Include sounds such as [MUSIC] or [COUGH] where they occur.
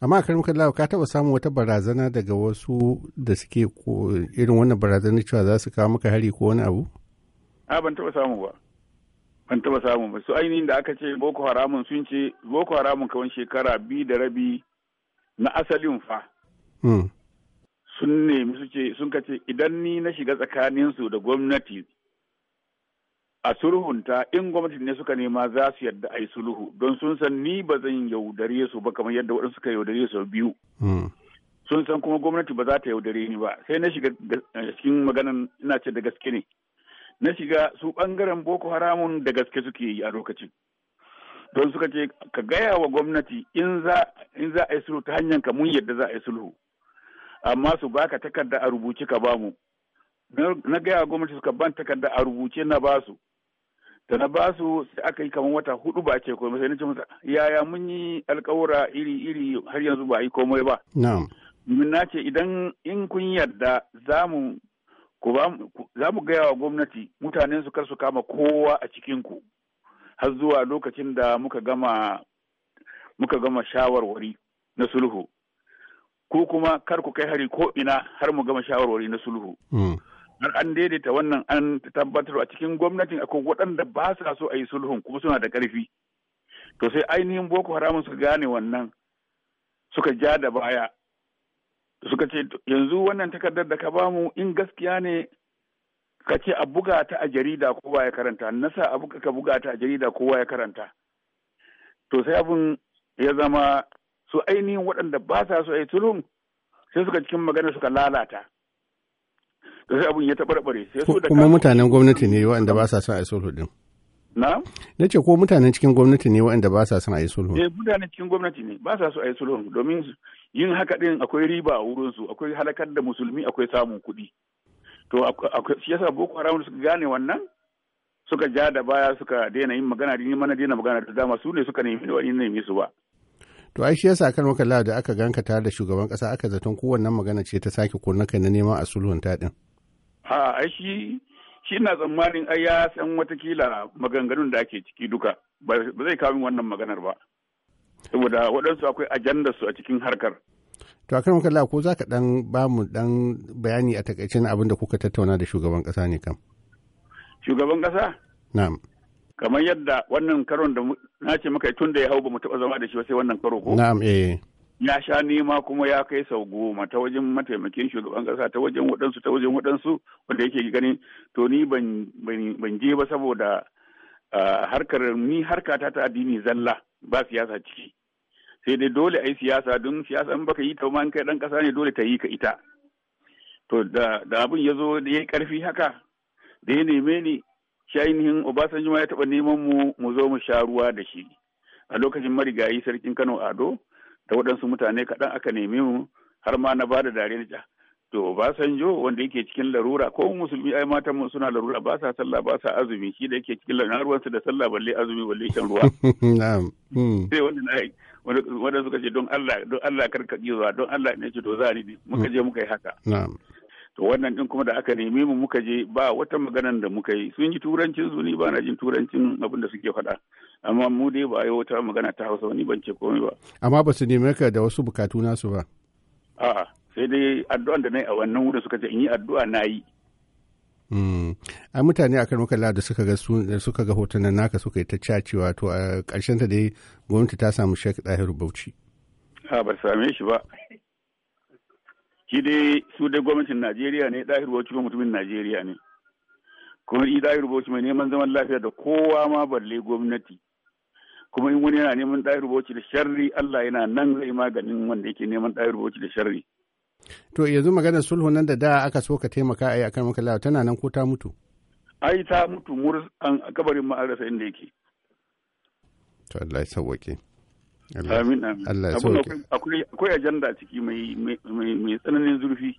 amma muka lawa ka taba samun wata barazana daga wasu da suke irin wannan barazanar cewa za su kawo maka hari ko wani abu a ban taba samu ba ban taba samu ba su ainihin da aka ce boko haramun sun ce boko haramun kawai shekara biyu da rabi na asalin fa hmm. sun nemi su ce sun kace idan ni na shiga tsakaninsu da gwamnati a sulhunta in gwamnati ne suka nema za su yadda a yi sulhu don sun san ni ba zan yaudare su ba kamar yadda waɗansu suka yaudare su biyu hmm. sun san kuma gwamnati ba za ta yaudare ni ba sai na shiga eh, cikin maganan ina ce da gaske ne na shiga su ɓangaren boko haramun da gaske suke yi a lokacin don suka ce ka gaya wa gwamnati in za a yi sulhu ta hanyar ka mun yadda za a yi sulhu amma su baka takarda a rubuce ka bamu na gaya wa gwamnati suka ban takarda a rubuce na basu da na basu sai aka yi kamar wata hudu ba ce komai sai na ce masa yaya mun yi alkawura iri iri har yanzu ba yi komai ba na'am na ce idan in kun yarda za mu za mu gaya wa gwamnati mutanen su kar su kama kowa a cikin ku har zuwa lokacin da muka gama muka gama shawarwari na sulhu ko kuma kar ku kai hari ko ina har mu gama shawarwari na sulhu mm. har an daidaita wannan an tabbatar a cikin gwamnatin akwai waɗanda ba sa so a yi sulhun kuma suna da ƙarfi to sai ainihin boko haramun suka gane wannan suka ja da baya suka ce yanzu wannan takardar da ka ba mu in gaskiya ne ka ce a buga ta a jarida kowa ya karanta nasa a buga ka buga ta a jarida kowa ya karanta to sai abin ya zama su ainihin waɗanda ba sa so a yi sulhun sai suka cikin magana suka lalata da sai abun ya taɓarɓare sai so da kuma mutanen gwamnati ne waɗanda ba sa son a yi sulhu din na na ce ko mutanen cikin gwamnati ne waɗanda ba sa son a yi sulhu eh mutanen cikin gwamnati ne ba sa so a yi sulhu domin yin haka din akwai riba a wurin su akwai halakar da musulmi akwai samun kuɗi to shi yasa boko haram suka gane wannan suka ja da baya suka daina yin magana da mana daina magana da dama su ne suka nemi da wani nemi su ba to ai shi yasa kan waka da aka ganka tare da shugaban kasa aka zaton kowanne magana ce ta sake ko na neman a sulhunta din Ha, ai shi shi na tsammanin ai ya san watakila maganganun da ake ciki duka ba zai kawo wannan maganar ba. Saboda waɗansu akwai ajandar su a cikin harkar. To a kan kalla ko za ka ɗan ba mu ɗan bayani a takaicin abin da kuka tattauna da shugaban ƙasa ne kam? Shugaban ƙasa? Na'am. Kamar yadda wannan karon da na ce maka tun da ya hau ba mu taɓa zama da shi sai wannan karo ko? Na'am eh. ya sha nema kuma ya kai sau goma ta wajen mataimakin shugaban kasa ta wajen waɗansu ta wajen waɗansu wanda yake ganin to ni ban je ba saboda harkar ni harka ta ta addini zalla ba siyasa ciki sai dai dole a yi siyasa don siyasa in baka yi ta ma kai ɗan ƙasa ne dole ta yi ka ita to da abin ya zo da ya yi ƙarfi haka da ya neme ni shi ainihin Obasanjo ma ya taɓa neman mu mu zo mu sha ruwa da shi a lokacin marigayi sarkin Kano Ado da waɗansu mutane kaɗan aka nemi mu har ma na ba da dare na to ba san jo wanda yake cikin larura ko musulmi ai matan mun suna larura ba sa sallah ba sa azumi shi da yake cikin larura ruwan su da sallah balle azumi balle shan ruwa [LAUGHS] na'am hmm. sai wanda na wanda suka ce don Allah don Allah karka zuwa don Allah ne ce to za ni muka hmm. je muka yi haka na'am to wannan din kuma da aka neme mu muka je ba wata maganan da muka yi sun yi turancin zuni ni ba na jin turancin abin da suke faɗa amma mu dai ba yi wata magana ta hausa ni ban ce komai ba amma ba su neme ka da wasu bukatu nasu ba a'a sai dai addu'an da na yi a wannan wurin suka ce in yi addu'a na yi hmm. a mutane a kan makalla da suka ga suka ga hotunan naka suka yi ta cacewa to a ƙarshen ta dai gwamnati ta samu shek ɗahiru bauchi a ba same shi ba shi dai su dai gwamnatin Najeriya ne ɗahir Bauchi ba mutumin Najeriya ne kuma shi ɗahir Bauchi mai neman zaman lafiya da kowa ma balle gwamnati kuma in wani yana neman ɗahir Bauchi da sharri Allah yana nan zai maganin wanda yake neman ɗahir Bauchi da sharri. To yanzu maganar sulhu nan da da aka so ka taimaka a yi akan maka lawa tana nan ko ta mutu? Ai ta mutu mur an kabarin ma'arasa inda yake. To Allah ya sauwake. Amin amin. Allah ya sauke. Akwai ajanda a ciki mai tsananin zurfi.